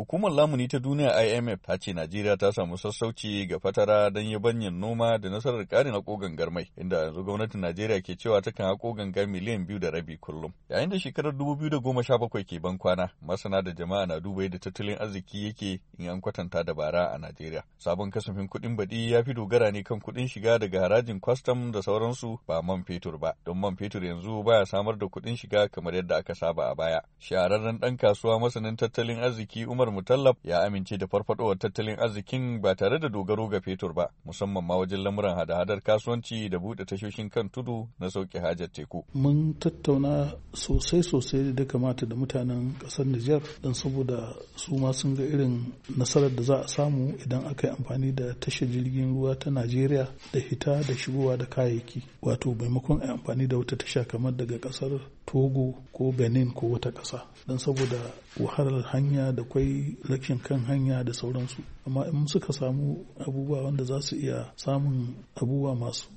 Hukumar lamuni ta duniya IMF ta ce Najeriya ta samu sassauci ga fatara don yabanyin noma da nasarar karin hako gangar mai, inda yanzu gwamnatin Najeriya ke cewa takan hako gangar miliyan biyu da rabi kullum. Yayin da shekarar dubu biyu da goma sha bakwai ke ban kwana, masana da jama'a na duba da tattalin arziki yake in an kwatanta da bara a Najeriya. Sabon kasafin kuɗin baɗi ya fi dogara ne kan kuɗin shiga daga harajin kwastam da sauransu ba man fetur ba, don man fetur yanzu baya samar da kuɗin shiga kamar yadda aka saba a baya. Shahararren ɗan kasuwa masanin tattalin arziki Umar Umar Mutallab ya amince da farfadowar tattalin arzikin ba tare da dogaro ga fetur ba, musamman ma wajen lamuran hada-hadar kasuwanci da buɗe tashoshin kan tudu na sauke hajar teku. Mun tattauna sosai-sosai da kamata da mutanen ƙasar Nijar don saboda su ma sun ga irin nasarar da za a samu idan aka yi amfani da tashar jirgin ruwa ta Najeriya da hita da shigowa da kayayyaki. Wato maimakon a amfani da wata tasha kamar daga ƙasar togo ko benin ko wata ƙasa don saboda wahalar hanya da kwai rakin kan hanya da sauransu amma in suka samu abubuwa wanda za su iya samun abubuwa masu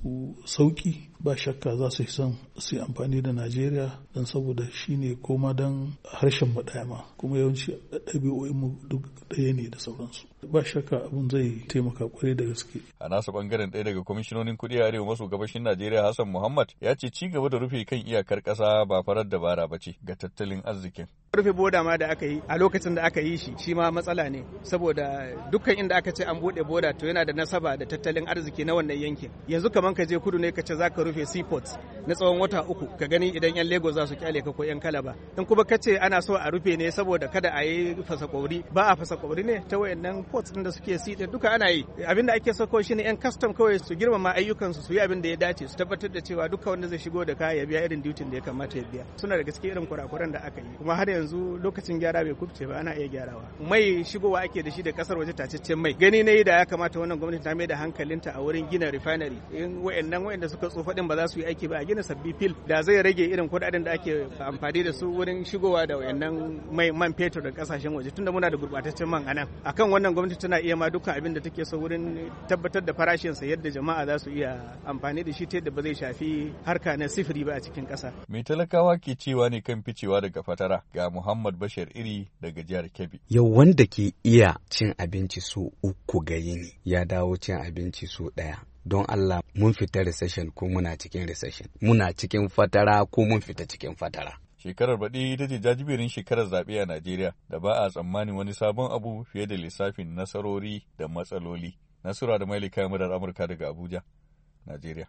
sauƙi ba shakka za su san su amfani da najeriya don saboda shine koma don harshen mu kuma yawanci ɗabi'o'in mu duk ɗaya ne da sauransu ba shakka abun zai taimaka kwarai da gaske a nasa bangaren ɗaya daga kwamishinonin kuɗi a arewa maso gabashin najeriya hassan muhammad ya ce ci gaba da rufe kan iyakar ƙasa ba farar dabara ba ce ga tattalin arzikin rufe boda ma da aka yi a lokacin da aka yi shi shi ma matsala ne saboda dukkan inda aka ce an buɗe boda to yana da nasaba da tattalin arziki na wannan yankin yanzu kamar ka je kudu ne ka ce za ka rufe rufe seaport na tsawon wata uku ka gani idan yan lagos za su kyale ka ko yan kalaba in kuma ka ce ana so a rufe ne saboda kada a yi fasa kwauri ba a fasa kwauri ne ta wayannan ports din da suke si din duka ana yi abinda ake sako kawai ne yan custom kawai su girmama ayyukansu su su yi abin da ya dace su tabbatar da cewa duka wanda zai shigo da kaya ya biya irin dutin da ya kamata ya biya suna daga cikin irin kurakuran da aka yi kuma har yanzu lokacin gyara bai kubce ba ana iya gyarawa mai shigowa ake da shi da kasar waje tacaccen mai gani ne da ya kamata wannan gwamnati ta mai da hankalinta a wurin gina refinery in wayannan wayanda suka tsofa kuɗin ba za su yi aiki ba a gina sabbi fil da zai rage irin kuɗaɗen da ake amfani da su wurin shigowa da wayannan mai man fetur da kasashen waje tunda muna da gurbataccen man anan akan wannan gwamnati tana iya ma dukkan abin da take so wurin tabbatar da farashin sa yadda jama'a za su iya amfani da shi ta yadda ba zai shafi harka na sifiri ba a cikin ƙasa mai talakawa ke cewa ne kan ficewa daga fatara ga Muhammad Bashir Iri daga jihar Kebbi yau wanda ke iya cin abinci so uku ga yini ya dawo cin abinci so daya. don Allah mun fita recession ko muna cikin recession muna cikin fatara ko mun fita cikin fatara shekarar baɗi ita ce jajibirin shekarar zaɓe a Najeriya da ba a tsammanin wani sabon abu fiye da lissafin nasarori da matsaloli. Nasura da Mailika Murar Amurka daga Abuja, Najeriya.